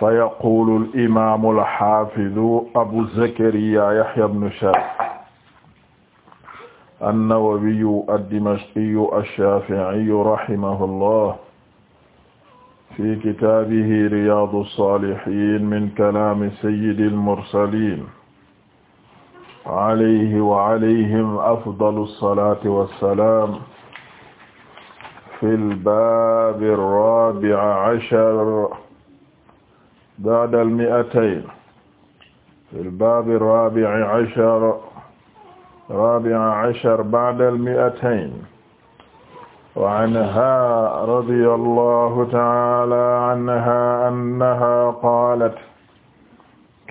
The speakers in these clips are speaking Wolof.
fa yaqulu al-imaamu al-haafidu abu zakariya yahya ibn shaab an-nawawiyu ad-dimashqiyu ash-shaafi'iyu rahimahullah fi kitaabihi riyaadu saalihiin min kalaami sayyidil mursaliin alayhi wa alayhim afdalu salaati wa salaam fil baabi ar-raabi'i ashar ba'da al-mi'atayn fil baabi raabi'i ashar raabi'i ashar ba'da al-mi'atayn wa anhaa radiyallahu ta'aalaa anhaa annahaa qaalat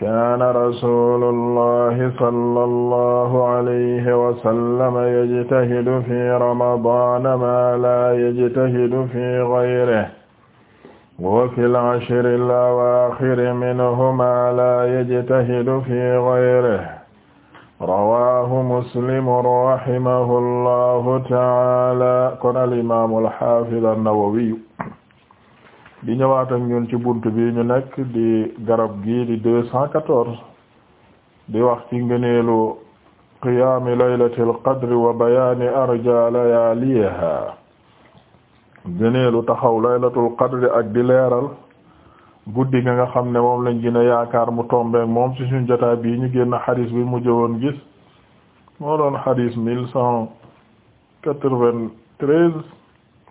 kaana rasuulullahi sallallahu alayhi wa sallam yajtahidu fii ramadaana maa laa yajtahidu fii ghayrihi wa fil ashri al-awaakhiri minhumaa laa yajtahidu fii ghayrihi rawaahu muslim rahimahu llahu taala kon al imaamu al-haafid an-nawawi di ñëwaat ak ñun ci buntu bi ñu nekk di garab gii di deux cent quatorze di wax ci ngëneelu qiyaami laylatil qadri wa bayaani arjaa layaaliha gëneelu taxaw laylatul qadr ak di leeral guddi ga xam ne moom lañ gën yaakaar mu tombeek moom ci suñu jotaay bii ñu génn xadis bi mu jëwoon gis moo doon xadis mille cent quatre-vingt-treize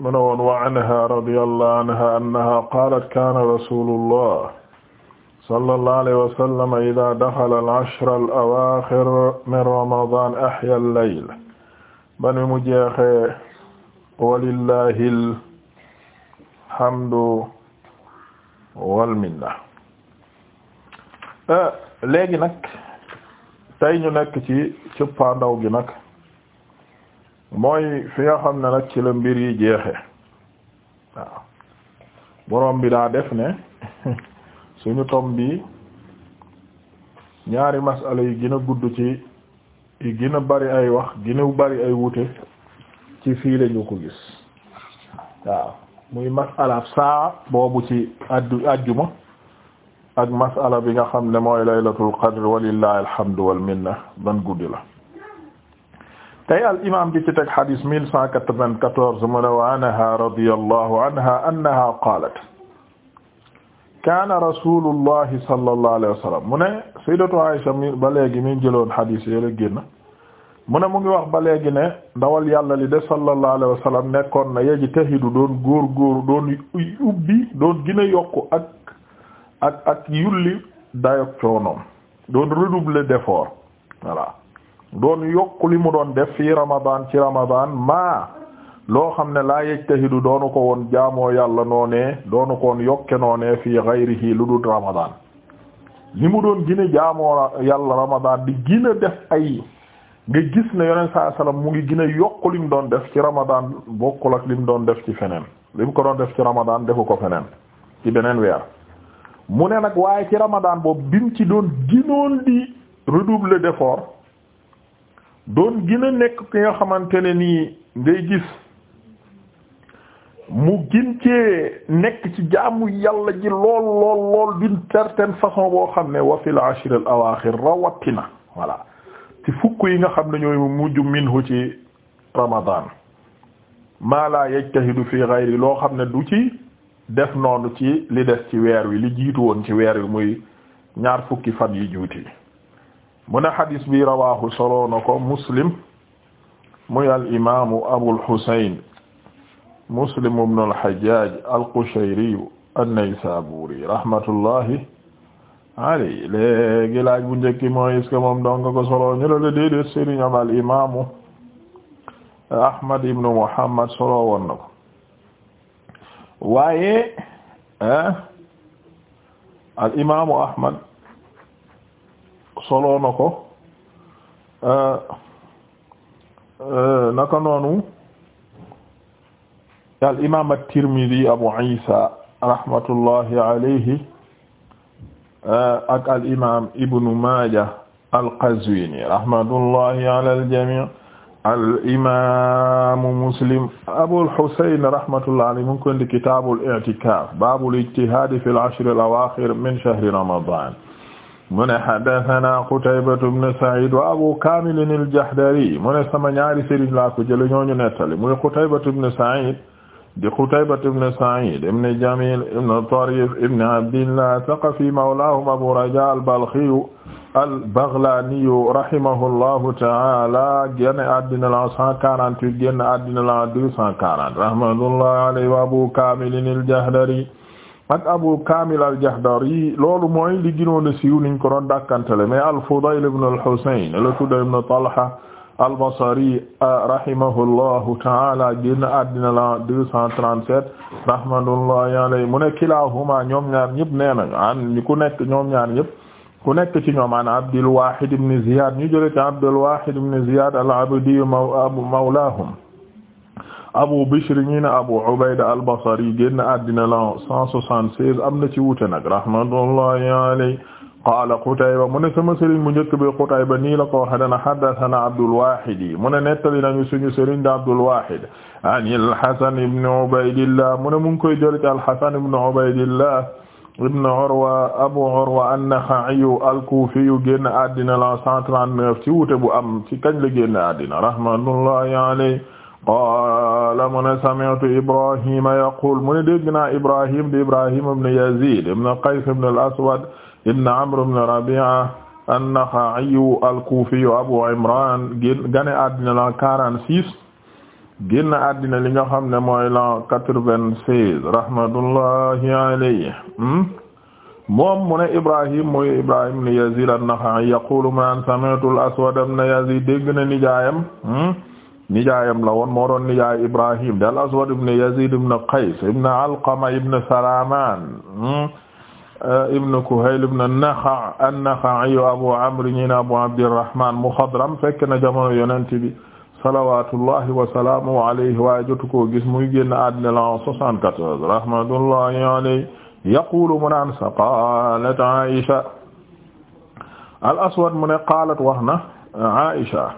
mu ne woon wa anha radiyallahu anha annaha qaalat kaana rasulullah sallallahu alayhi wa sallam idaa al-ashra min ramadan ahya al-layl ban mu jeexee walillahi alhamdu walminna euh, léegi nag tey ñu nekk ci cëppaandaw gi nag mooy fi nga xam ne nag ci la mbir yi jeexe waaw borom bi daa def ne suñu tom bi ñaari masala yi gën a gudd ci yi gën a bari ay wax gën bari ay wuute ci fii lañu ko gis waaw muy masala saa boobu ci addu ajjuma ak bi nga xam ne mooy laylatul qadr walillahi alhamdu wal minna ban guddi la tey al imam bi ci teg xadis mille cent quatre-vingt-quatorze mu ne wa anha radiyallahu anha annaha qaalat kaana rasulullahi sallallahu alayhi wa sallam mu ne sayyidatu Aisha mi ba léegi mi jëloon ay yooyu la génn mu ne mu ngi wax ba léegi ne ndawal yàlla li de sallallahu alayhi wa sallam nekkoon na yeji taxidu doon góor góor doon ubbi doon gën yokk ak ak ak yulli dayok coonoom doon redoubler d'effort voilà doon yokk li mu doon def fii ramadan ci ramadan maa loo xam ne laa yej taxidu doonu ko woon jaamoo yàlla noonee doonu ko woon yokke noonee fii gayrihi lu dul ramadan li mu doon gën jaamoo yàlla ramadan di gën a def ay nga gis ne yonent saa salaam mu ngi gën a yokk li mu doon def ci Ramadan bokkul ak li doon def ci feneen li ko doon def ci Ramadan defu ko feneen ci beneen weer mu ne nag waaye ci Ramadan boobu bi ci doon ginoon di redoubler d'effort doon gën a nekk ki nga xamante ne nii ngay gis mu gin cee nekk ci jaamu yàlla ji lool lool lool d'une certaine façon boo xam ne wa fil ashr al awaaxir rawatina voilà. ci fukk yi nga xam ne ñooy mujj minhu ci ramadan maa la yajtahidu fi ghayri loo xam ne du ci def noonu ci li des ci weer wi li jiitu woon ci weer wi muy ñaar fukki fan yi juuti mu ne xadis bi rawaahu soloo na ko muslim muy al imaamu abul husayn muslim ibn al hajjaj al qushayri an-naysaburi rahmatullahi ali léegi laaj bu njëkk mooy est moom dong ko solo ñu la déedéet sëriñ am al imaamu Ahmad ibnu Muhammad solo woon ko waaye al imaamu Ahmad solo na ko naka noonu al imaam at-Tirmidhi Abu Isa rahmatullahi alayhi Euh, ak al imaam ibnu Maaja al-Qazwini rahmatullahi ala al-jamii al imaamu Muslim Abul Husayn rahmatullahi alayhi mu ngi koy indi kitaabul i'tikaaf baabul ijtihaadi fil ashri al-awaakhir min shahri ramadaan mu ne haddasanaa Qutaybatu bnu Sa'iid wa Abu Kaamil al-Jahdari mu ne sama ñaari sëriñ laa ko jëlee ñoo ñu nettali muy Qutaybatu bnu Sa'iid di Qutayba ibn Sa'id ibn Jamil ibn Tarif ibn Abdillah Thaqafi mawlahum Abu Raja al-Balkhi al-Baghlani rahimahullahu ta'ala génn àddina la 148 génn àddina la 240 rahmatullahi alayhi wa Abu Kamil al-Jahdari ak Abu Kamil al-Jahdari loolu mooy li gënoon a siiw niñ ko doon dàkkantele mais al-Fudayl ibn al-Husayn la tudd ibn Talha al-Basri euh, rahimahullahu ta'ala génn àddina la 237 rahmatullahi alayhi mu ne kilahuma ñoom ñaar ñëpp nee nañu an ku nekk ñoom ñaar ñëpp ku nekk ci ñoom an Abdul Wahid ibn Ziyad ñu jëlee ci Abdul Wahid ibn Ziyad al-Abdi mawlahum Abu Bishr ñi ne Abu Ubayda al-Basri génn àddina la 176 am na ci wuute nag rahmatullahi alayhi qaala Qutayba mu ne sama sëriñ mu njëkk bi Qutayba nii la ko waxee dana haddathana Abdul Wahid mu ne nettali nañu suñu sëriñ da Abdul Wahid an al-Hasan ibn Ubaydillah mu ne mu ngi koy jël ci al-Hasan ibn Ubaydillah ibn Urwa Abu Urwa an-Nakha'i al-Kufi génn àddina la 139 ci wuute bu am ci kañ la génn àddina rahmatullahi alayhi qaala mu ne sami'tu Ibrahima yaqul mu ne dégg naa Ibrahim di Ibrahim ibn Yazid ibn Qays ibn al-Aswad ibn Amr ibn Rabi'a an-Nakha'i al-Kufi Abu Imran génn gane àddina la 46 génn àddina li nga xam ne mooy la 96 rahmatullahi alayhi hmm? moom mu ne Ibrahim mooy Ibrahim ibn Yazid an-Nakha'i yaqulu man sami'tu al-Aswad ibn Yazid dégg na nijaayam hmm? nijaayam la woon moo doon nijaay Ibrahim dal Aswad ibn Yazid ibn Qays ibn Alqama ibn Salaman hmm? Euh, ibn Kuhayl ibn an-Nakha' an-Nakha'i Abu Amr ñi na Abu Abdirrahman muxadram fekk na jamono Yonent bi salawatullahi wa salaamuhu alayhi waaye jotu koo gis muy génn àddina la 74 rahmatullahi alayhi yaqulu mu naan sa qalat Aïcha al-Aswad mu ne qaalat wax na Aïcha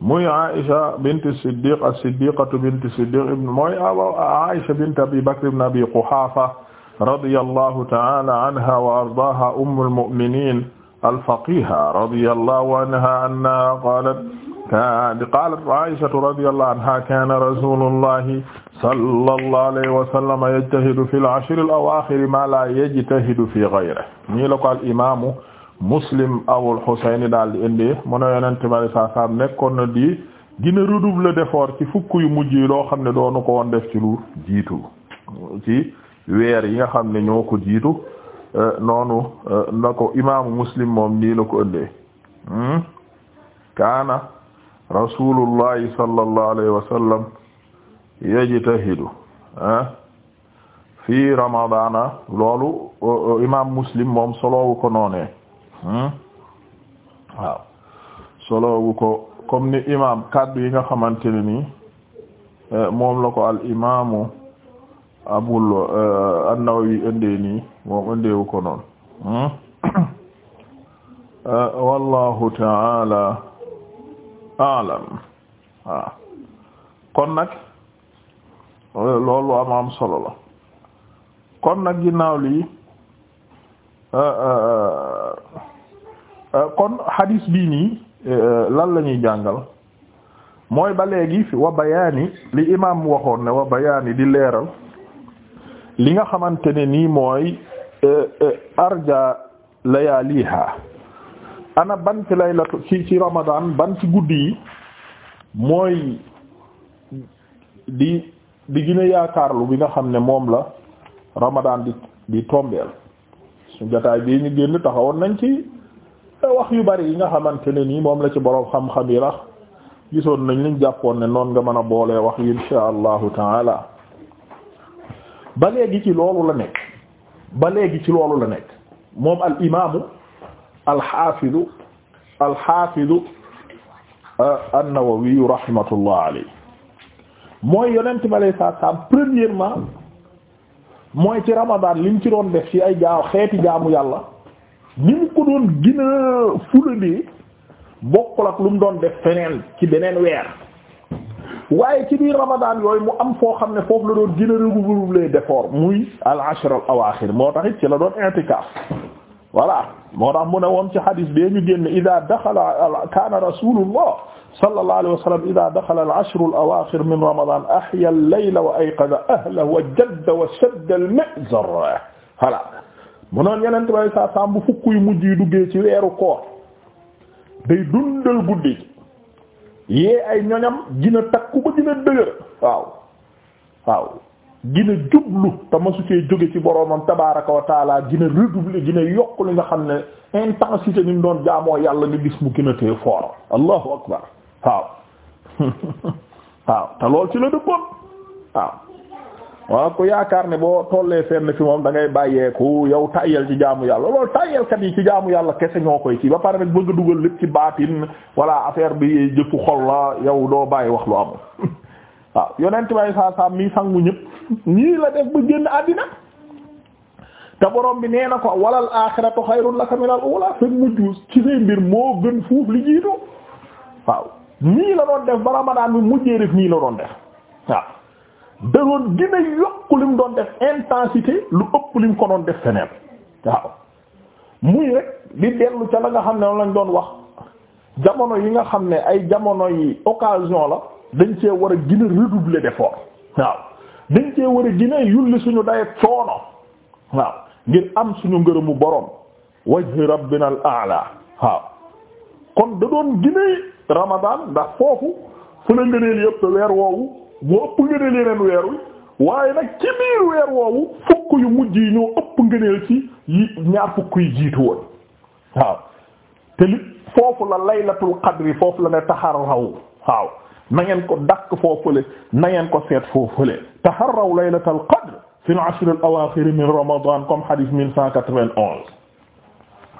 muy Aïcha bint Siddiq as-Siddiqatu bint Siddiq mooy Aïcha bint Abi Bakr ibn Abi Quhafa radiyallahu ta'ala anha wa ardaaha ummul mu'minin al-faqiha radiyallahu anha annaha qaalat qaalat Aysatu radiyallahu anha kaana rasuulullahi sallallahu alayhi wa sallam yajtahidu fil ashri al-awaakhiri maa laa yajtahidu fii ghayrihi nii la ko al imaamu Muslim Abul Husayn daal di indi mu ne Yonent bi saa saa nekkoon na di gën a redoubler d'effort ci fukk yu mujj yi loo xam ne doonu ko woon def ci lu jiitu ci. weer yi nga xam ne ñoo ko jiitu euh, noonu euh, na ko imaamu muslim moom nii la ko ëndee hmm? kaana rasulullahi sallallahu alayhi wa sallam yajtahidu ah, fi loolu imam muslim moom soloowu ko noonee hmm? waaw soloowu ni imam kaddu yi nga xamante ne nii euh, moom la ko al imamu abul eh, an-Nawawi indee nii moom indeewu ko noonu hmm? eh, wallahu taala alam waaw ah. kon nag loolu am am solo la kon nag ginnaaw lii eh, kon hadis bii nii lan la ñuy jàngal mooy ba léegi wa bayaani li imaam waxoon ne wa bayaani di leeral li nga xamante ne nii mooy euh, euh, arja layaaliha ana ban ci lay ci ci ramadan ban ci guddi yi mooy di di gën a yaakaarlu bi nga xam ne moom la ramadan di di tombeel su jotaay bii ñu génn taxawoon nañ ci wax yu bari yi nga xamante ne nii moom la ci boroom xam-xam yi rax gisoon nañ liñ jàppoon ne noon nga mën a boolee wax yi insha allahu taala ba léegi ci loolu la nekk ba léegi ci loolu la nekk moom al imaamu alxaafidu alxaafidu euh, an-Nawawi rahmatullah alayhi mooy yonent bi alayhi premièrement mooy ci Ramadan li mu ci doon def ci ay jaaw xeeti jaamu yàlla ni mu ko doon gën a fulandee bokkul ak lu mu doon def feneen ci beneen weer waaye ci biir Ramadan yooyu mu am foo xam ne foofu la doon gën a redoubler d'effort muy al ashr al awaaxir moo tax ci la doon i'tikaaf voilà moo tax mu ne woon ci hadis bee ñu génn ida daxala kaana rasulullah sallallahu alayhi wa sallam al ashr al awaaxir min Ramadan ahya al layla wa ayqaza ahlahu wa jadda al mi'zar voilà mu noon yeneen tubaab yi saa saa bu fukk yu ci weeru koor day dundal guddi. yee ay ñoñam gina takku ba gina dëgër waaw waaw gina jublu te masu cee jóge ci boroomam tabaaraka wa taala gina redoubler gina yokk li nga xam ne intensité ni mu doon jaamoo yàlla nga gis mu gina tee fort allahu akbar waaw waaw te lool ci la dëppoon waaw waaw ku yaakaar ne boo tollee fenn fi moom da ngay bàyyeeku yow tàyyel ci jaamu yàlla loolu tàyyelkat yi ci jaamu yàlla kese ñoo koy ci ba pare nag bëgg dugal lépp ci baatin walla affaire bi jëfu xol la yow doo bàyyi wax lu amul waaw yonent bay saa saa mii sangu ñëpp ñii la def ba génn àddina te borom bi nee na ko walal aaxiratu xayrun laka minal uula fekk mujj ci say mbir moo gën fuuf li waaw nii la doon def ba ramadaan bi mujjee def da doon gën yokk li doon def intensité lu ëpp li ko doon def feneen waaw muy rek di dellu ca la nga xam ne lañ doon wax jamono yi nga xam ne ay jamono yi occasion la dañ cee war a gën a redoubler d'effort waaw dañ cee war a gën yulli suñu day coono waaw ngir am suñu ngërëmu boroom wajhi rabbina al a'la waaw kon da doon gën a ramadaan ndax foofu fu la ngëneel yëpp weer woowu moo ëpp ngëneel yeneen weer waaye nag ci weer woowu fukk yu mujj yi ñoo ëpp ngëneel ci yi ñaar fukk yi jiitu woon te li foofu la laylatul qadri foofu la ne taxarraw waaw na ngeen ko dakk foofule na ngeen ko seet foofule taxarraw laylatul qadr fi al-ashr al-awaakhir min ramadan comme hadith 1191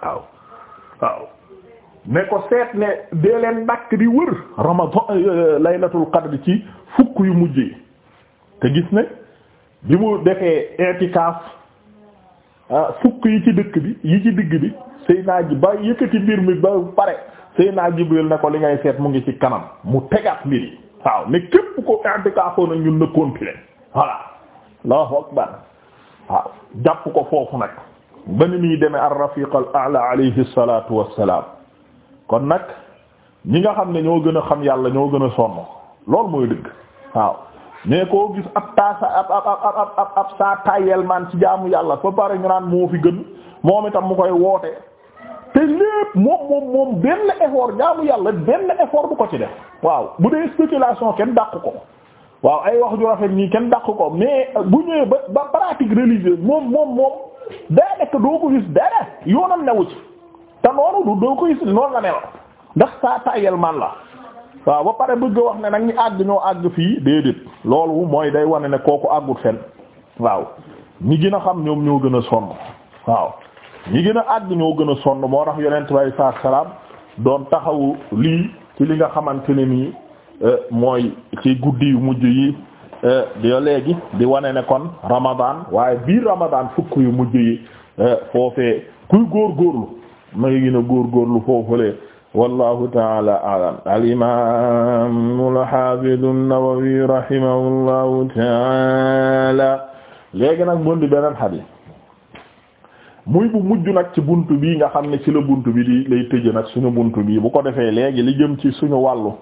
waaw waaw ne ko seet ne dee leen dakk di wër ramadan euh, euh, laylatul qadr ci fukk yu mujj te gis ne bi mu defee i'tikaf ah, fukk yi ci dëkk bi yi ci digg bi Seydina ji ba yëkkati mbir mi ba pare Seydina Jibril ne ko li ngay seet mu ngi ci kanam mu tegaat mbir yi waaw ne képp ko i'tikaafoo na ñun na continuer voilà Allahu akbar waaw jàpp ko foofu nag ba ni muy demee ar-rafiq al-a'la alayhi kon nag ñi nga xam ne ñoo gën a xam yàlla ñoo gën a sonn loolu mooy dëgg waaw mais koo gis ab taasa ab ab ab ab ab saa taayel man ci jaamu yàlla ba pare ñu naan moo fi gën moom itam mu koy woote te lépp moom moom moom benn effort jaamu yàlla benn effort bu ko ci def. waaw bu dee spéculation kenn dàq ko waaw ay wax ju rafet ñii kenn dàq ko mais bu ñëwee ba ba pratique religieuse moom moom moom daa nekk doo ko gis dara yoonam newu ci. te noonu du doo koy si noonu la ndax saa tayel man waaw ba pare bëgg wax ne nag ñu àgg ñoo àgg fii déedéet loolu mooy day wane ne kooku àggut fen waaw ñi gën a xam ñoom ñoo gën a sonn waaw ñi gën a àgg ñoo gën a sonn moo tax yonent bi alayhi salaatu doon taxawu lii ci li nga xamante ne nii euh, mooy ci guddi yu mujj yi euh, di léegi di wane ne kon Ramadan waaye biir Ramadan fukk yu mujj yi euh, foofee kuy góor góorlu ma góor gën a góorgóorlu foofulee wallahu taala aalam alimamu alhafidu an-Nawawi rahimahullahu taala léegi nag mun di beneen xadis muy bu mujj nag ci bunt bi nga xam ne ci la bunt bi di lay tëj nag suñu bunt bi bu ko defee léegi li jëm ci suñu wàllu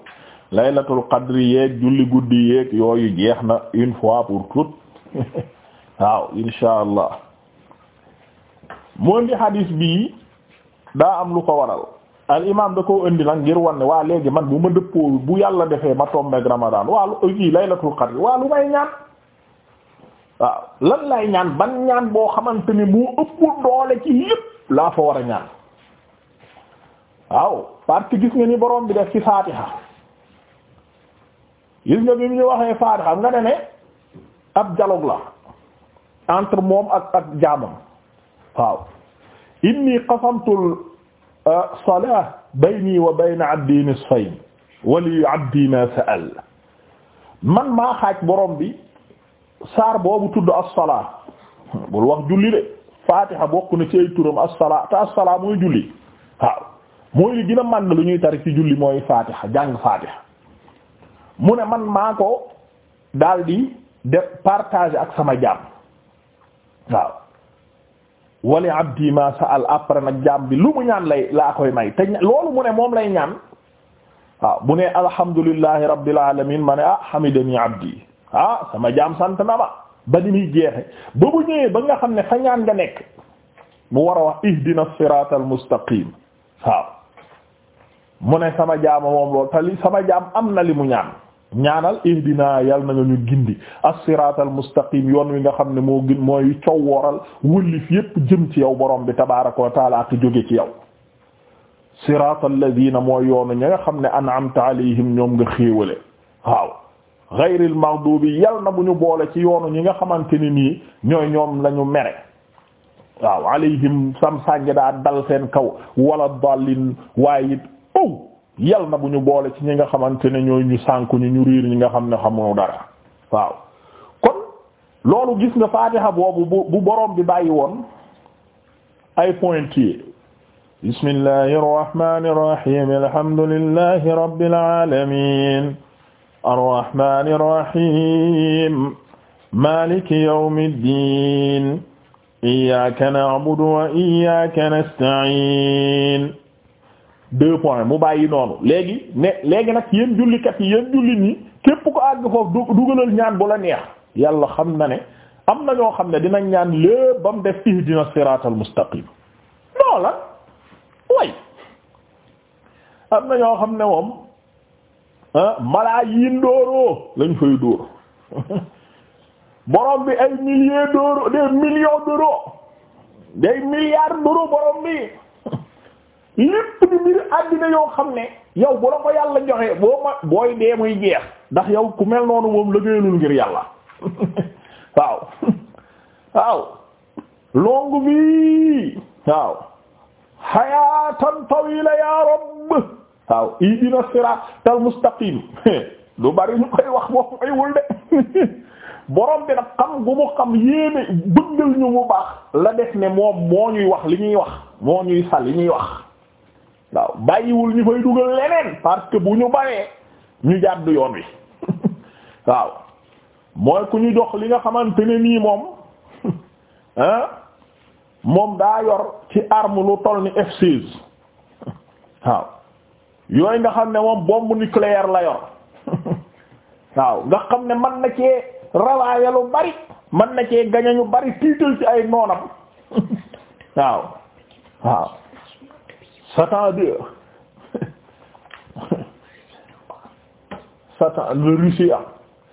laylatul qadri yeeg julli guddi yeeg yooyu jeex na une fois pour toutes waaw insha allah moo di bi daa am lu ko waral al imam da koo indi nag ngir ne waa léegi man bu ma dëppoo bu yàlla defee ma tombeeg ramadan waa lu kii laylatul qadr waa lu may ñaan waaw lan lay ñaan ban ñaan boo xamante ni moo ëpp doole ci yépp laa fa war a ñaan waaw parce que gis nga ni boroom bi def ci faatiha gis nga bi mu ñu waxee faatiha nga ne ne ab dialogue la entre moom ak ak jaamam waaw inni qasamtu salaah bayni wa bayna abdi nisfayn wa li abdi ma sa'al man maa xaaj borom bi saar boobu tudd as-salaa bul wax julli de faatiha bokk na ci ay turam as-salaa te as-salaa mooy julli waaw mooy li gën a màgg lu ñuy tari ci julli mooy faatiha jàng faatiha mu ne man maa ko daldi def partage ak sama jaam waaw wali abdi ma sa'al après nag jaam bi lu mu ñaan lay laa koy may te loolu mu ne moom lay ñaan waaw mu ne alhamdulillahi rabbil alamin ma ne ah hamidani abdi ah sama jaam sant na ma ba ni muy jeexe ba bu ñëwee ba nga xam ne fa ñaan nga nekk mu war a wax ihdina siratal mustaqim waaw mu ne sama jaama moom loolu sama jaam am na li mu ñaan ñaanal ihdina yal na nga ñu gindi as-siraatal mustaqim yoon wi nga xam ne moo gën mooy coow wooral wëllif yépp jëm ci yow borom bi tabaaraka wa taala ak jóge ci yow siraatal ladina mooy yoonu ña nga xam ne an'amta alayhim ñoom nga xéewale waaw ghayril maghdubi yal na bu ñu boole ci yoonu ñi nga xamante ni nii ñooy ñoom lañu mere waaw alayhim sam sànge daa dal seen kaw wala dallin waaye it oh! yal na bu ñu boole ci ñi nga xamante ne ñooy ñu sànku ñu ñu riir ñi nga xam ne xamuñu dara waaw kon loolu gis nga faatiha bu boroom bi bàyyi woon ay point yi bismillahi irrahmani irrahim alhamdulillahi rabbil alamin arrahmani irrahim maliki yawmiddin iyyaka na'budu wa iyyaka nasta'in deux points mu bàyyi noonu léegi ne léegi nag yéen jullikat yi yéen jullit ñi képp ko àgg foofu dugalal ñaan bu la neex yàlla xam na ne am na ñoo xam ne dinañ ñaan lépp ba mu def ihdina siratal mustaqim non la way am na ñoo xam ne moom ah, malaa yiin dóoroo lañ fay dóor borom bi ay milliers d'euros des millions d'euros des milliards d'euros borom bi lépp di mbiri àddina yoo xam ne yow bu la ko yàlla joxe boo ma booy dee muy jeex ndax yow ku mel noonu moom la liggéeyalul ngir yàlla waaw waaw longue vie waaw hayatan tawila ya rabb waaw idina siratal mustaqim lu bari ñu koy wax moom koy wul de borom bi xam gu mu xam yéene bëggal ñu mu baax la def ne moom moo ñuy wax li ñuy wax moo ñuy sal li ñuy wax waaw bàyyiwul ñu fay dugal leneen parce que bu ñu baree ñu jàdd yoon wi waaw mooy ku ñu jox li nga xamante ne nii moom ah moom daa yor ci arme lu toll ni F16 waaw yooyu nga xam ne moom bombe nucléaire la yor waaw nga xam ne man na cee rawaaye lu bari mën na cee gañe ñu bari tiital ci ay noonam waaw waaw. Satan deux Satan Russia ah,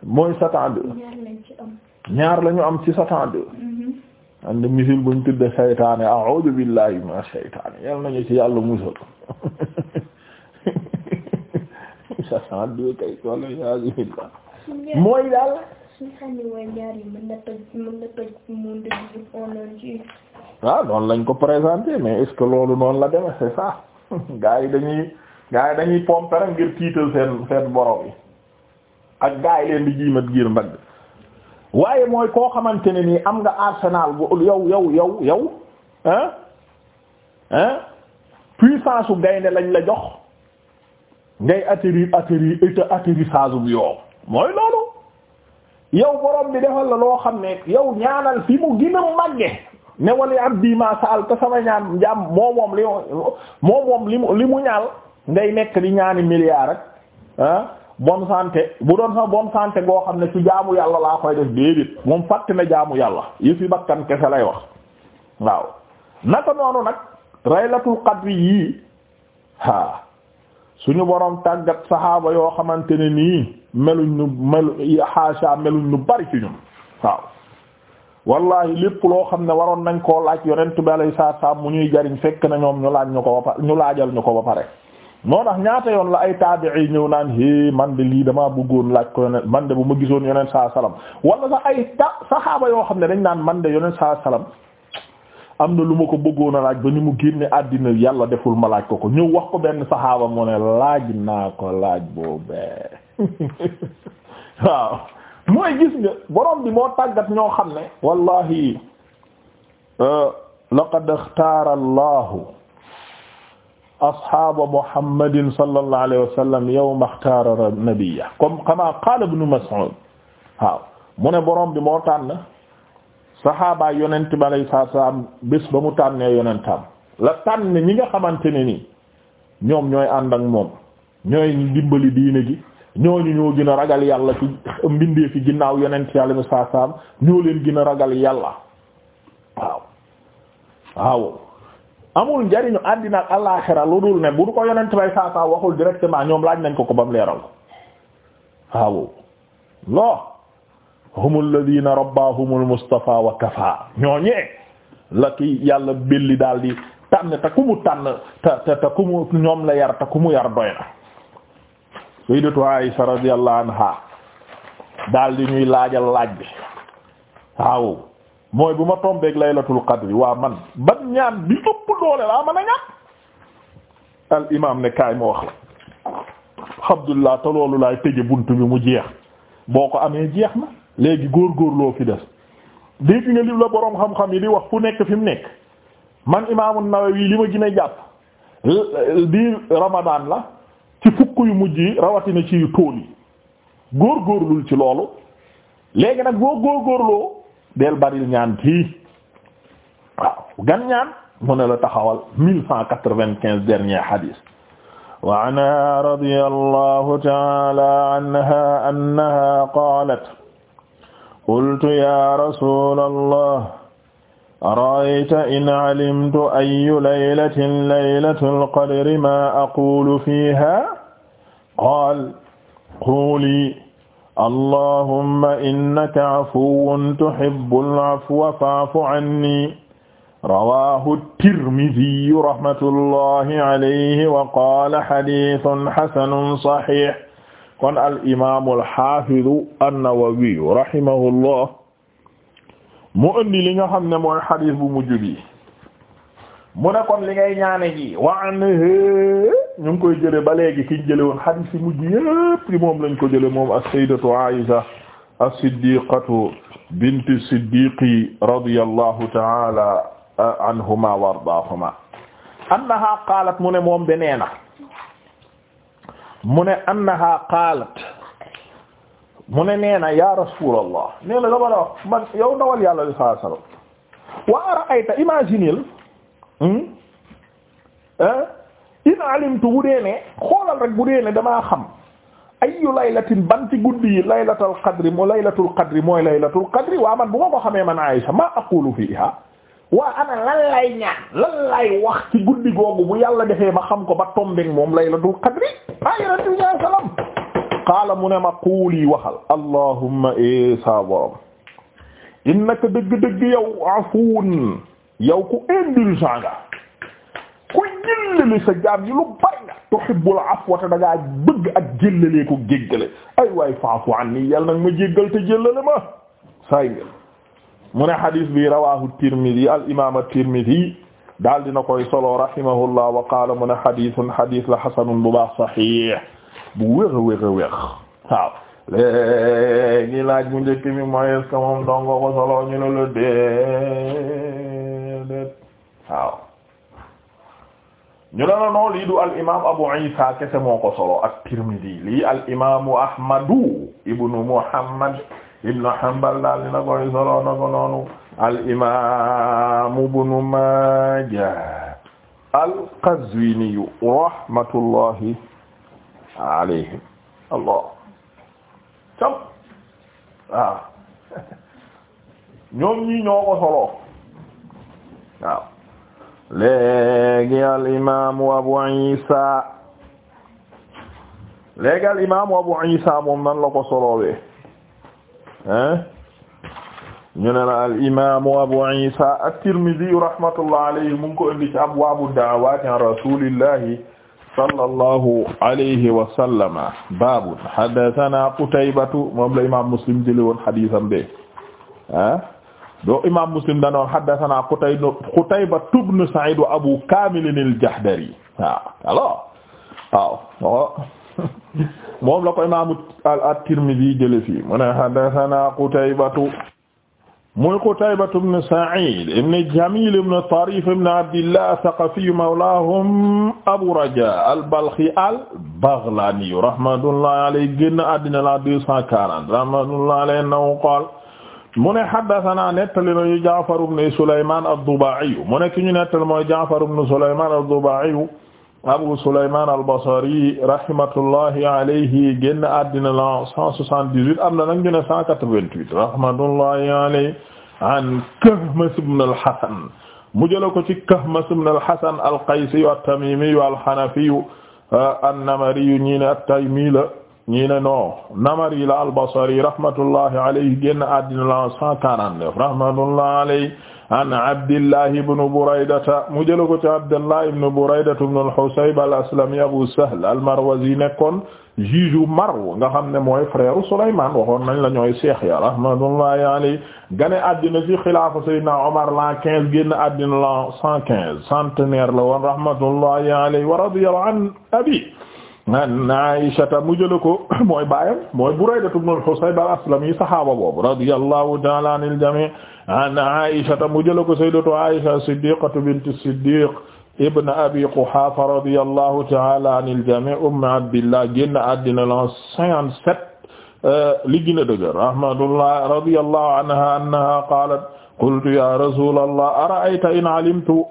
mooy Satan deux ñaar lañu am ci Satan deux mhm. and misil buñ tudde saytaane a'uudu billahi mina saytaane yal nañu ci yàlla musal Satan deux kay walla yaazu mooy daal suñ xam ne mooy ñaar yi mën na toj mën na toj monde bi yëpp online ci waaw ah, noonu lañ ko présenté mais est-ce que loolu noonu la demee c'est ça gars yi dañuy gars dañuy pomper ngir tiital seen seen borom yi ak gars yi leen di jiimat ngir mbagg waaye mooy koo xamante ne nii am nga arsenal bu yow yow yow yow hein hein puissance su gaynde lañ la jox ngay atterrir atterrir et atterrissage bu yow mooy loolu yow borom bi defal la loo xam ne yow ñaanal fi mu gën a màgge ne wali abdi ma saal te sama ñaan jaam moo moom li moo moom li mu li ñaal ngay nekk di ñaani milliard ak ah bonne bu doon sax bonne santé goo xam ne ci jaamu yàlla laa koy def déedéet moom fàtte na jaamu yàlla yëf yi bakkan kese lay wax waaw naka noonu nag raylatul qadri yii haa suñu borom tàggat saxaaba yoo xamante ne nii meluñ nu melu xaasa meluñ nu bari ci ñun waaw wallahi lépp loo xam ne waroon nañ koo laaj yonent bi alayhi salaam mu ñuy jariñ fekk na ñoom ñu laaj ñu ko ba ñu laajal ñu ko ba pare moo tax ñaata yoon la ay taabi'i ñëw naan hé man de lii damaa bëggoon laaj ko yonent man de bu ma gisoon yonent saa salaam wala sax ay ta saxaaba yoo xam ne dañ naan man de yonent saa salaam am na lu ma ko bëggoon a laaj ba ni mu génne àddina yàlla deful ma laaj ko ko ñëw wax ko benn saxaaba mu ne laaj naa ko laaj mooy gis nga borom bi moo tàggat ñoo xam ne wallahi euh, laqad ixtaara allahu asxaaba muhammadin sallallahu alayhi wa sallam yawma ixtaara nabiyya comme kama qaala ibnu mas'ud waaw mu ne boroom bi moo tànn saxaabaa yonent bi alayhi salaatu salaam bés ba mu tànnee yonentam la tànn ñi nga xamante ne ni ñoom ñooy ànd ak moom ñooy dimbali diine gi ñooñu ñoo gën ragal yàlla ci mbindee fi ginnaaw yonent yàlla mi saa saam ñoo leen gën ragal yàlla waaw waaw amul njariñu àddina ak lu dul ne bu du ko yonent bay saa waxul directement ñoom laaj nañ ko ko bam leeral ko loo humul ladina rabbahumul mustafa wa kafa ñooñee la ki yàlla belli daal di tànn te ku mu tànn te te ku mu ñoom la yar te ku mu yar doy na sayyidatu Aisha radiyallahu anha daal di ñuy laajal laaj bi waaw mooy bu ma tombeeg laylatul qadri waa man ban ñaan bi ëpp doole laa mën a ñaan al imam ne kaay ma wax la Abdullah te loolu laay tëje bunt bi mu jeex boo ko amee jeex na léegi góorgóorloo fi des dégg nga li la boroom xam-xam yi di wax fu nekk fi nekk man imaamu Nawawi li ma gën jàpp biir Ramadan la ci fukk yu mujj yi rawatina ci yu tóol yi góorgóorlul ci loolu léegi nag boo góorgóorloo del baril ñaan kii waaw gan ñaan mu la taxawal mille cent quatre vingt dernier hadith wa anha radiyallahu ta'ala anha annaha qalat ya rasul allah ara'ayta in alimtu ayyu laylatin laylatul qadri ma aqulu fiha qaal quuli allahumma innaka afuwwun tuhibbul afwa fa'fu anni rawaahu tirmidi rahmatullahi alayhi wa qaala hadiisun hasanun sahiih kon al imaamul haafidu an-nawawi rahimahullah mu indi li nga xam ne mooy xadiis bu mujj bi mu ne kon li ngay ñaane ji wa an ñu ngi koy jële ba léegi ki ñu jële woon xadiis yi mujj yépp moom lañ ko jële moom as-sayyidatu Aisha as-siddiqatu bint siddiqi radiyallahu ta'ala anhuma wa ardaahuma annaha qaalat mu ne moom de na mu ne annaha qaalat mu ne nee na ya rasulallah nee na la wax man yow ndawal yàlla li sa sallam wa ara ayta hmm? eh? in alimtu bu dee ne xoolal rek bu dee ne damaa xam ayu laylatin banti ci guddi yi laylatul qadri mo laylatul qadri mooy laylatul qadri waa man bu ma ko xamee man Aisha ma aqulu fiha waa ana lan ñaan lan wax ci guddi googu bu yàlla defee ma xam ko ba tombeek moom laylatul qadri qaala mu ne ma quuli waxal allahumma e sa borom innaka dëgg-dëgg yow afuwun yow ku indulgent nga ku jëllale sa jaam yi lu bari nga tuhibbul afwata da ngaa bëgg ak jëllalee ko jéggale ay waay faafu anni yàlla nag ma jéggal te jëllale ma say nga mu ne hadis bi rawahu tirmidi al imam at-tirmidi daal dina koy solo rahimahullah wa qaala mu ne hadithun hadith la hasanun bu baax sahih bu wér a wér a wér waaw laaj bu njëkk mi mooy est moom dongo ko solo ñu la déedéet waaw ñu ne la du al imaam Abu Isa kese moo ko ak Tirmidhi lii al imaamu Ahmadu ibnu Muhammad ibnu Hanbal daal dina koy solo na ko noonu al imaamu Ibnu Maaja al Qazwini rahmatullahi alayhim allah cam waaw ñoom ñii ñoo ko abu isa léegi al abu isa moom nan la ko solowee ñu ne la al abu isa at-tirmidhi rahmatullah alayhi mu ko indi ci abwaabu da'awaati an rasuulillahi sallallahu alayhi wa sallama baabun haddathana Qutaybatu moom la imaam Muslim jëlee woon hadiisam be ah do imaam Muslim danoon haddathana Qutaybatu ibn Sa'id wa Abu Kaamil al-Jahdari ah alors waaw moom la ko imaam at-Tirmidhi jëlee fi mu ne haddathana Qutaybatu muy Qutaybatu ibn Sa'id ibn Jamil ibn Tarif ibn Abdillah Thaqafi mawlahum Abu Raja al-Balkhi al-Baghlani rahmatullahi alayhi génn àddina la 240 rahmatullahi alayhi annahu qaala mu ne haddathana nettali nañu Ja'far ibn Sulayman ad-Duba'i mu ne ki ñu nettali mooy Ja'far ibn Sulayman ad-Duba'i Abu Sulaymaan al-Basri rahmatullahi alayhi génn àddina la 178 am na nag ñu ne 188 rahmatullahi alayhi an Kahmas ibn al-Hasan mu jëla ko ci Kahmas ibn al-Hasan al-Qaysi at-Tamimi al-Hanafi an-Namari ñi ne at-Taymi la ñii ne non namari la albasari rahmatullahi alayhi génn àddina la cent quarante-neuf rahmatullahi alayhi an abdillahi ibnu buraydata mu jëla ko ci abdullah ibnu buraydata ibnu al-husayb al-aslami abu sahl al-marwazi nekkoon juge Marw nga xam ne mooy frère Sulaymaan waxoon nañ la ñooy seex ya rahmatullahi alayhi gane àddina ci xilaafa la génn àddina la cent quinze centenaire la woon rahmatullahi alayhi wa radiya an abi an Aysata mu jële ko mooy baayam mooy Buraydatu ibnul Husayb al-Aslami saxaaba boobu radiyallahu ta'ala anil jamii' an Aysata mu jële ko sayyidatu Aysa siddiqatu bintu Siddiq ibn Abi Quhaafa radiyallahu ta'ala anil jamii' ummu Abdillah génn àddina la 57 euh, li gën a dëgër rahmatullah radiyallahu anha annaha qaalat qultu ya rasulallah ara'ayta in alimtu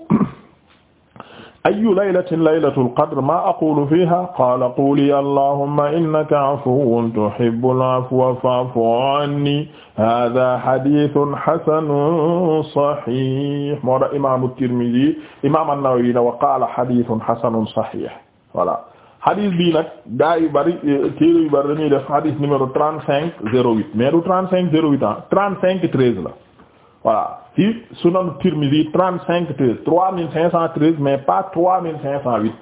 ayyu laylatin laylatul qadr maa aqulu fiha qaala quli allahumma innaka afuwwun tuhibbul afwa fa'fu anni haaza hadiisun hasanun sahiih moo tax imaamu Tirmidi imaam an-Nawawi wa qaala hadiisun hasanun sahiih voilà hadis bii nag gaa yu bari téere yu bari dañuy def hadis numéro trente cinq zéro huit mais du trente cinq zéro huit ah trente cinq treize la. voilà ci sunan Tirmidhi trente cinq treize trois mille cinq cent treize mais pas trois mille cinq cent huit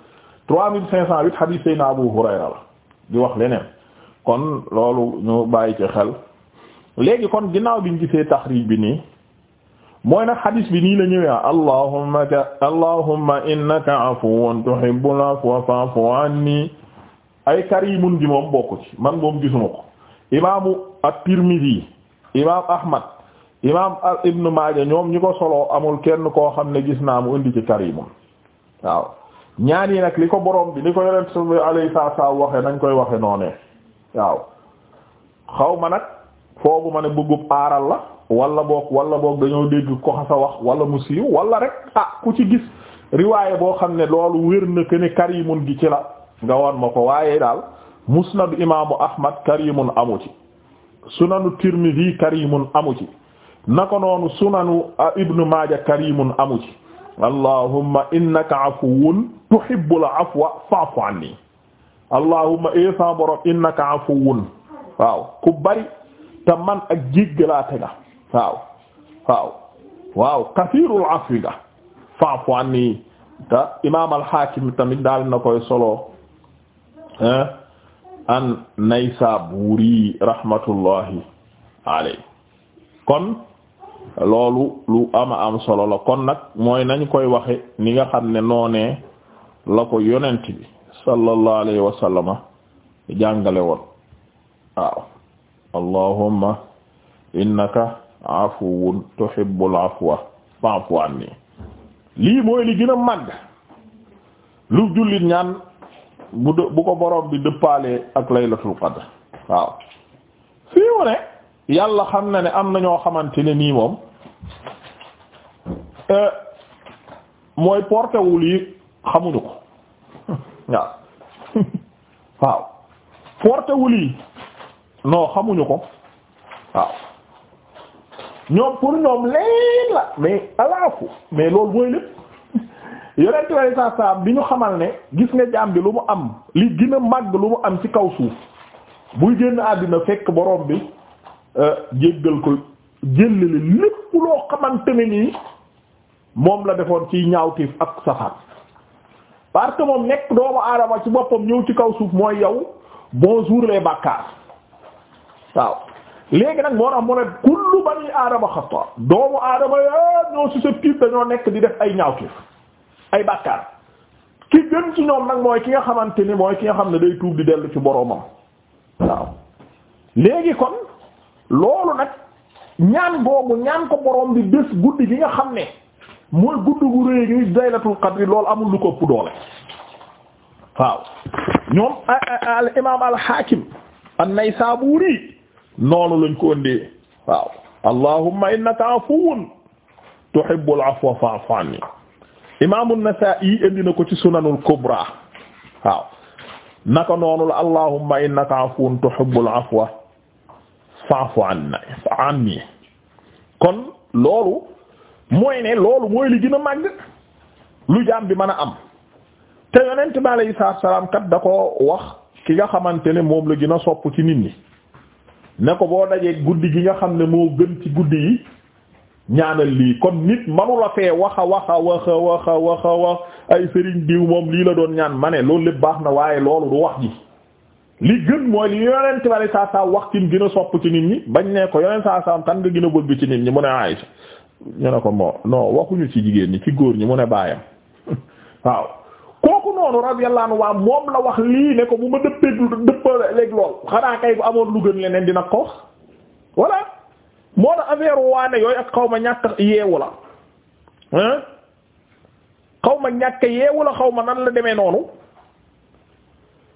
trois mille cinq cent huit hadith sayna Abu Hurayra la di wax leneen kon loolu ñu bàyyi ci xel léegi kon ginnaaw bi biñ gisee taxrij bi nii mooy nag hadith bi nii la ñëwee ah allahumma ka allahumma innaka afuwwun tuhibbul afwa fa'fu anni ay karimun bi moom bokku man moom gisuma ko imaamu at-Tirmidhi imaam Ahmad imaam Ibn Maaja ñoom ñi ko soloo amul kenn koo xam ne gis naa mu indi ci karimun waaw ñaan yi nag li ko borom bi li ko yonent bi alayhi salaam waxe nañ koy waxe noone waaw xaw ma nag foogu ne bëggub aaral la wala boog wala boog dañoo dégg ko xasa wax wala mu siiw wala rek ah ku ci gis riwaaye boo xam ne loolu wér na ne karimun gi ci la nga won ma ko waaye daal musnadu imaamu Ahmad karimun amu ci sunanu yi karimun amu ci na ko noonu sunanu ibnu maaja karimun amu ci allahumma innaka afuwun tuhibbul afwa fa'fu anni allahumma esa eh, borom innaka afuwun waaw ku bari te man ak jéggalaate nga waaw waaw waaw kathirul afwi nga fa'fu anni te imaam al-Hakim tamit daal koy solo eh, an Naysaburi rahmatullahi alayhi kon loolu lu ama am solo la kon nag mooy nañ koy waxe ni nga xam ne noonee la ko yonent bi sallallahu alayhi wa sallama jàngale woon waaw allahumma innaka afuwun tuhibbul afwa fa'fu anni lii mooy li gën màgg lu jullit ñaan bu bu ko borom bi dëppaalee ak laylatul qadr waaw fii mu yàlla xam na ne am na ñoo xamante ne nii moom euh, mooy portewul yi xamuñu ko waaw waaw portewul yi non xamuñu ko waaw ñoom pour ñoom leen mais alaafu mais loolu mooy lépp yonent way sa saam bi ñu xamal ne gis nga jaam lu mu am li gën a màgg lu mu am ci kaw suuf buy génn àddina fekk boroom bi Euh, jéggal ko jéllale lépp loo xamante ne nii moom la defoon ci ñaawteef ak safar parce que moom nekk doomu aadama ci boppam ñëw ci kaw suuf mooy yow bonjour les bàkkaar waaw léegi nag moo tax mu ne kullu bani aadama xata doomu aadama ya ñoo susceptible dañoo nekk di def ay ñaawteef ay bàkkaar ki gën ci ñoom nag mooy ki nga xamante ni mooy ki nga xam ne day tuub di dellu ci boroomam waaw léegi kon loolu nag ñaan googu ñaan ko borom bi bés guddi gi nga xam ne mooy guddi gu rëy gi daylatul qadri loolu amul lu ko ëpp doole waaw ñoom al imaam al hakim an-Naysaburi noonu lañ ko ëndee waaw allahumma innaka afuwun tuhibbul afwa fa'fu anni imaam an-Nasa'i indi na ko ci sunanul kubra waaw naka noonu la allahumma innaka afuwun tuhibbul afwa faafu anna anni kon loolu mooy ne loolu mooy li gën a màgg lu jaam bi mën a am te yonent bi alayhi salaam kat da ko wax ki nga xamante ne moom la gën a sopp ci nit ñi ne ko boo dajee guddi gi nga xam ne moo gën ci guddi yi ñaanal lii kon nit manu la fee waxa waxa waxa waxa waxa wax ay sëriñ diw moom lii la doon ñaan ma ne loolu lépp baax na waaye loolu du wax ji li gën mooy li yonent bari saa saa wax ci gën sopp ci nit ñi bañ ne ko yonent saa saa kan nga gën a bëgg ci nit ñi mu ne Aysa ñu ne ko moo non waxuñu ci jigéen ñi ci góor ñi mu ne baayam waaw kooku noonu radiyallahu anhu waa moom la wax lii ne ko bu ma dëppee dëppale léegi lool xanaa kay bu amoon lu gën leneen dina ko voilà moo tax affaire waane yooyu ak xaw ma ñàkk yeewu la xaw ma ñàkk yeewu la xaw ma nan la demee noonu.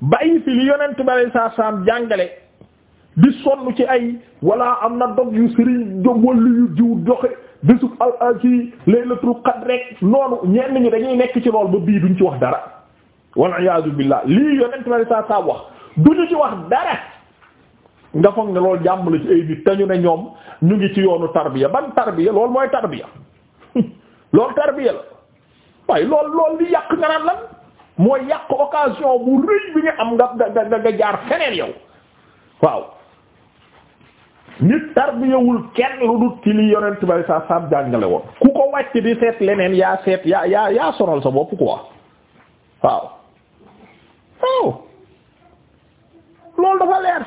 bàyyi fi li yonent bi saa saam jàngale di sonn ci ay walla am na dog yu sëriñ jom walla yu jiw doxe bésub al ci laylatul qadr rek noonu ñenn ñi dañuy nekk ci lool ba bii duñ ci wax dara wal iyaadu billah lii yonent bi saa saam wax duñu ci wax dara nga foog ne loolu jàmm la ci ay nit te ñu ne ñoom ñu ngi ci yoonu tarbiya ban tarbiya loolu mooy tarbiya loolu tarbiya la waaye lool lool li yàq nga naan lan moo yàq occasion bu rëy bi nga am nga nga nga jaar feneen yow waaw nit tarbiyawul kenn lu dul ci li yonent bay sa sam jàngale ku ko wàcc di seet leneen yaa ya yaa yaa yaa sonal sa bopp quoi waaw waaw loolu dafa leer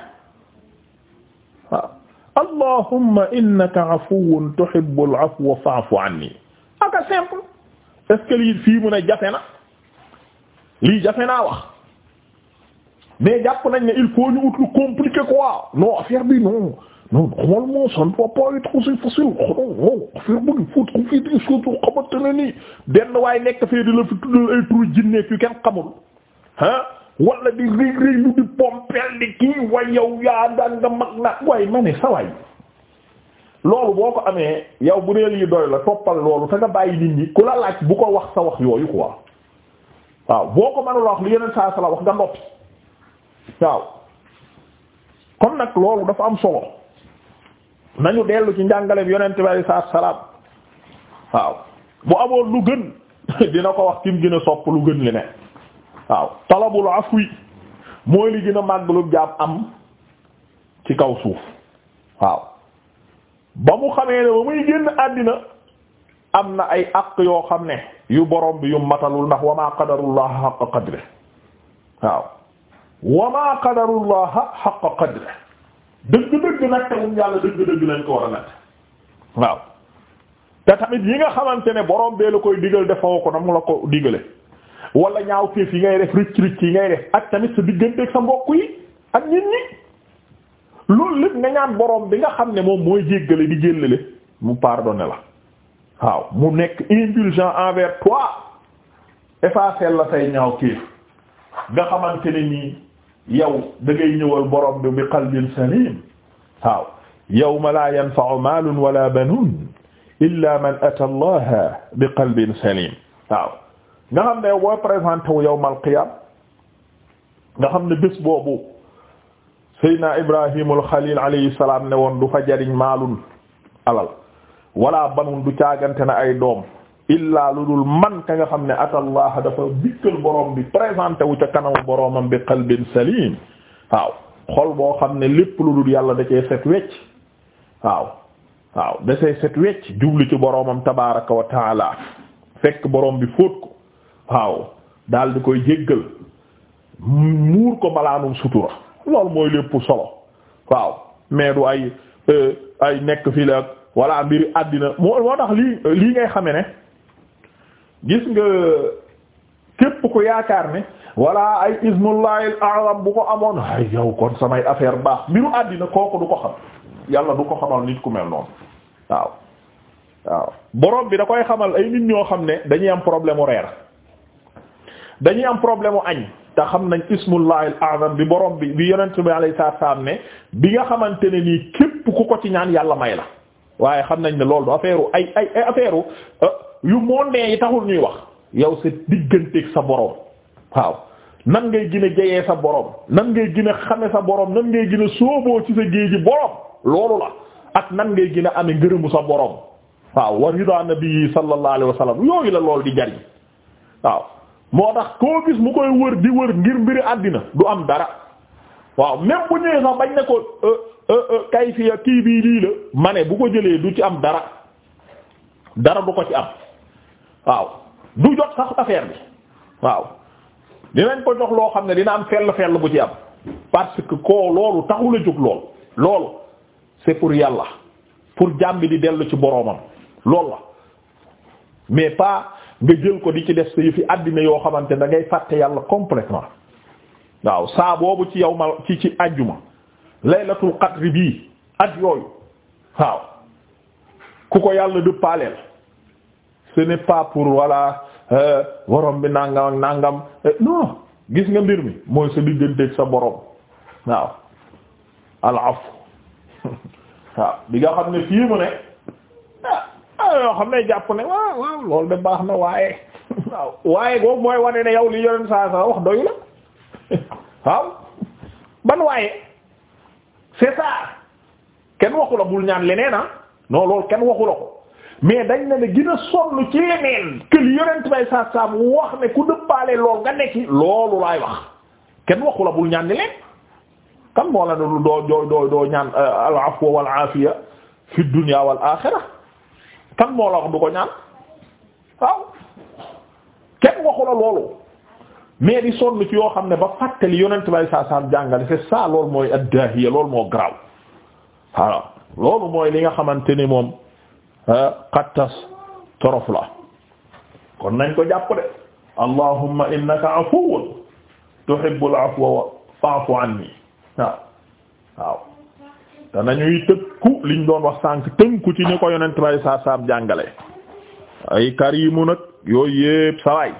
waaw allahumma innaka afuwun tuhibbul afwa fa'fu anni aka simple est-ce mu ne jafe na lii jafe naa wax mais jàpp nañ ne il faut ñu ut lu compliqué quoi non affaire bi non non normalement ça ne va pas facile oh, non non affaire bi il faut trouver des choses yoo xamante ne nii benn waaye nekk fee di la fi tuddal ay turu jinne yu kenn xamul ah wala di réy réy lu di pompel di kii way yow yaa daan nga mag na waaye ma sa waay loolu boo ko amee yow bu dee lii doy la toppal loolu te nga bàyyi nit ñi ku la laaj bu ko wax sa wax yooyu waaw boo ko mënula wax li yeneen saa sala wax nga noppi waaw kon nag loolu dafa am solo nañu dellu ci njàngaleem yonent bi saa salaatu salaam waaw bu amoon lu gën dina ko wax kim gën a sopp lu gën li ne waaw talabul afwi mooy li gën a màgg lu jaam am ci kaw suuf waaw ba mu xamee ne ba muy génn àddina am na ay àq yoo xam ne yu borom bi yu matalul ndax wa maa qadarullaha haqqa qadri waaw wa maa qadarullaha haqqa dëgg-dëgg nag tawum yàlla dëgg-dëgg lañ ko war a natt waaw te tamit yi nga xamante ne borom bee la koy digal defoo ko nam la ko digale wala ñaaw téef yi ngay def ricc ricc yi ngay def ak tamit sa digganteeg sa mbokk yi ak nit ñi loolu lépp nga ñaan borom bi nga xam ne moom mooy jéggale di jéllale mu pardonné la waaw mu nekk indulgent envers toi effacer la say ñaaw kiif nga xamante ne nii yow da ngay ñëwal borom bi bi qalbin salim waaw yawma la yanfa'u maalun wala banun illa man ata allaha bi qalbin salim waaw nga xam ne boo présenté wu yawmal qiyam nga xam ne bés boobu saydna ibrahimul xalil alayhi salaam ne woon du fa jariñ maalun alal wala banun du caagante na ay doom illaa lu dul man ka nga xam ne atallah dafa dikkal boroom bi présenté ca kanamu boroomam bi qalbin salim waaw xol boo xam ne lépp lu dul yàlla da cee set wecc waaw waaw da cee set wecc jublu ci boroomam tabaraka wa fekk boroom bi fóot ko waaw daal di koy jéggal muur ko malaanum sutura loolu mooy lépp solo waaw mais du ay euh, ay nekk fi la voilà mbiri àddina moo moo tax lii lii ngay xame ne gis nga képp ku yaakaar ne voilà ay ismullahi al-a'zam bu ko amoon ay yow kon samay affaire baax mbiru àddina kooku du ko xam yàlla du ko xamal nit ku mel noonu waaw waaw borom bi da koy xamal ay nit ñoo xam ne dañuy am problème u reer dañuy am problème u añ te xam nañ ismullahi al bi borom bi bi yonent bi alayhi salaam ne bi nga xamante ne nii képp ku ko ci ñaan yàlla may la waaye xam nañ ne loolu du affaire ay ay ay affaire euh, yu mondee yi taxul ñuy wax yow sa digganteeg sa borom waaw nan ngay gën a sa borom nan ngay gën xame sa borom nan ngay gën a sóoboo ci sa géeji borom loolu la ak nan ngay gën a amee ngërëmu sa borom waaw wa rida nabi sallallahu alayhi wa yooyu la loolu di jariñ waaw moo tax koo gis mu koy wër di wër ngir mbiri àddina du am dara. waaw même bu ñëwee sax bañ ne ko euh, euh, euh, kayfiya kii bii lii la ma ne bu ko jëlee du ci am dara dara du ko ci am waaw du jot sax affaire bi waaw dinañ ko jox loo xam ne dina am fell fell bu ci am parce que koo loolu taxul a jóg lool loolu c'est pour yàlla pour jàmbi di dellu ci boroomam loolu la mais pas nga jël ko di ci def sa yëfi àddina yoo xamante da ngay fàtte yàlla complètement waaw saa boobu ci yow ma ci ci ajjuma laylatul qadr bii at yooyu waaw ku ko yàlla du paaleel ce n'est pas pour euh, bi nangam ak nangam euh, gis nga mbir mi mooy sa digganteeg sa borom waaw al afu waaw bi nga xam ne fii mu ne ah, ah yoo xam ne jàpp ne waaw waaw loolu de baax na waaye waaw waaye googu mooy wane ne yow li yoneen saa sa wax doyu la waaw ban waaye c'est ça kenn waxu bul ñaan leneen ah non loolu kenn waxu la ko mais dañ na ne gina sonn ci leneen que li yonent bay saa saam wax ne ku dëppaale lool nga nekki loolu laay wax kenn waxu la bul ñaan ni leen kan moo la doo doo doo doo ñaan euh, al afwa wal afiya fi dunya wal axira kan moo la wax du ko ñaan waaw kenn waxu loolu mais di sonn ci yoo xam ne ba fàttali yonent bay saa saam jàngale c'est ça loolu mooy addaahiya loolu moo graw waaw loolu mooy li nga xamante ni moom xattas ah, torof la kon nañ ko jàpp de allahumma innaka afuwwun tuhibbul afwa fa'fu anni waaw waaw te nañuy tëkku liñ doon wax sànk tënku ci ni ko yonent bay saa jàngale ay karimu nag yooyu yépp sawaay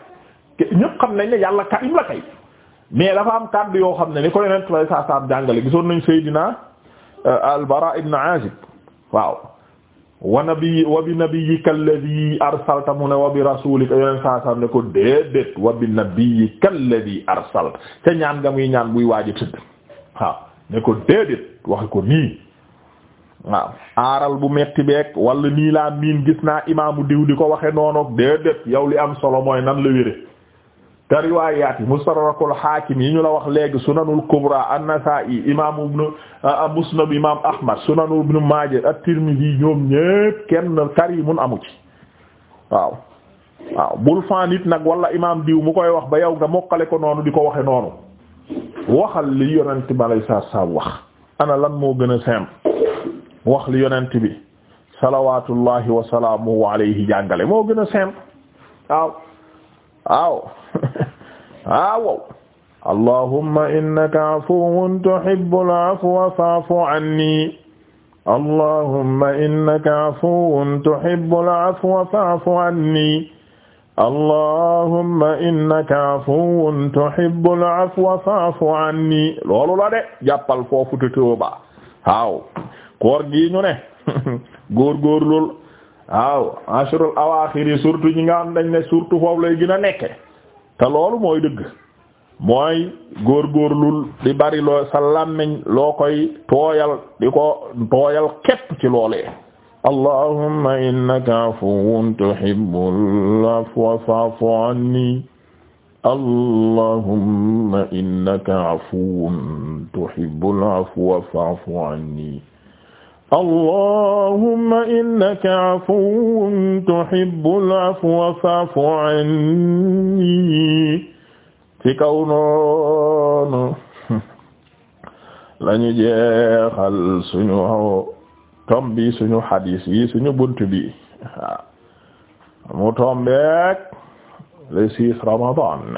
ñëpp xam nañ ne yàlla karim la kay mais dafa am kàddu yoo xam ne ni ko yeneen lay saa saam jàngale gisoon nañ Seydina euh, al-Bara ibn Azib waaw wa nabi wa bi nabiyyika alladhi arsalta mu ne wa bi rasulika yeneen saa ne ko déedéet wa bi nabiyyika alladhi arsalta ca ñaan nga muy ñaan buy waaji tëdd waaw ne ko déedéet waxe ko nii waaw aaral bu metti beeg wala nii laa miin gis naa imaamu diw di ko waxe noonoog déedéet yow li am solo mooy nan la wére te riwaayaat yi mustadrakul yi ñu la wax léegi sunanul kubra an-nasa'i imam ibn ah, musnad imam ahmad sunanu ibn majah at-tirmidhi ñoom ñépp kenn karimun amu ci waaw waaw bul fan nit nag wala imam diw mu koy wax ba yow nga mokkale ko noonu di ko waxe noonu waxal li yonent bi alay saa saam wax ana lan moo gën a simple wax li yonent bi salawatullahi wa salaamuhu alayhi jàngale moo gën a simple waaw waaw waaw allahumma innaka afuwwun tuhibbul afwa fa'fu anni allahumma innaka afuwwun tuhibbul afwa fa'fu anni allahumma innaka afuwwun tuhibbul afwa fa'fu anni loolu la de jàppal foofu te tooba waaw koor gi ñu ne góorgóorlu waaw ashrul awaaxir yi surtout ñi nga am dañ ne surtout foofu lay gën a nekke te loolu mooy dëgg mooy góorgóorlul di bari loo sa làmmiñ loo koy tooyal di ko tooyal képp ci loolee allahumma innaka afuwwun tuhibbul afwa anni allahumma innaka afuwwun tuhibbul afwa fa'fu anni allahumma innaka afuwwun tuhibbul afwa fa'fu anni ci kaw noonu lañu jeexal suñu tom bi suñu hadis yi suñu bunt bi mu tombeek le six Ramadan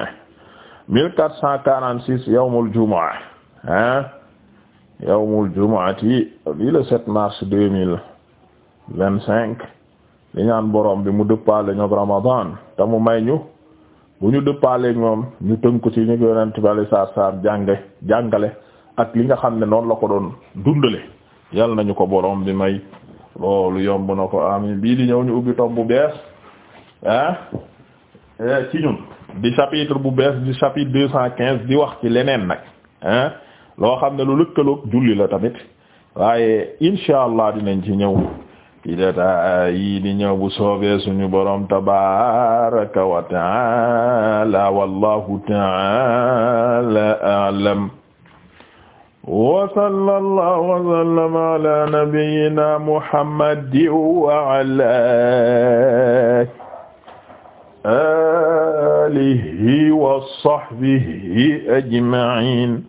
mille quatre cent quarante-six yawmul jumaa yawmul jumu'ati lii le 7 mars cinq li ñaan boroom bi mu dëppaale ñoog Ramadan te mu may ñu bu ñu dëppaaleeg moom ñu tënku ci ñu yonent bi alei saatu jànge jàngale ak li nga xam ne noonu la ko doon dundale yal nañu ko boroom bi may loolu yomb na ko amin bii di ñëw ñu ubbi tom bu bees ah eh, ci ñun di chapitre bu bees di chapitre deux cent quinze di wax ci leneen nag ah loo xam ne lu lëkkaloog julli la tamit waaye insha allah dinañ ci ñëw ci deta yi di ñëw bu soobee suñu borom tabaraka wa taala wallahu taala a'lam wa sallallahu wa sallama ala nabiyyina muhammadin wa ala alihi wa sahbihi ajma'in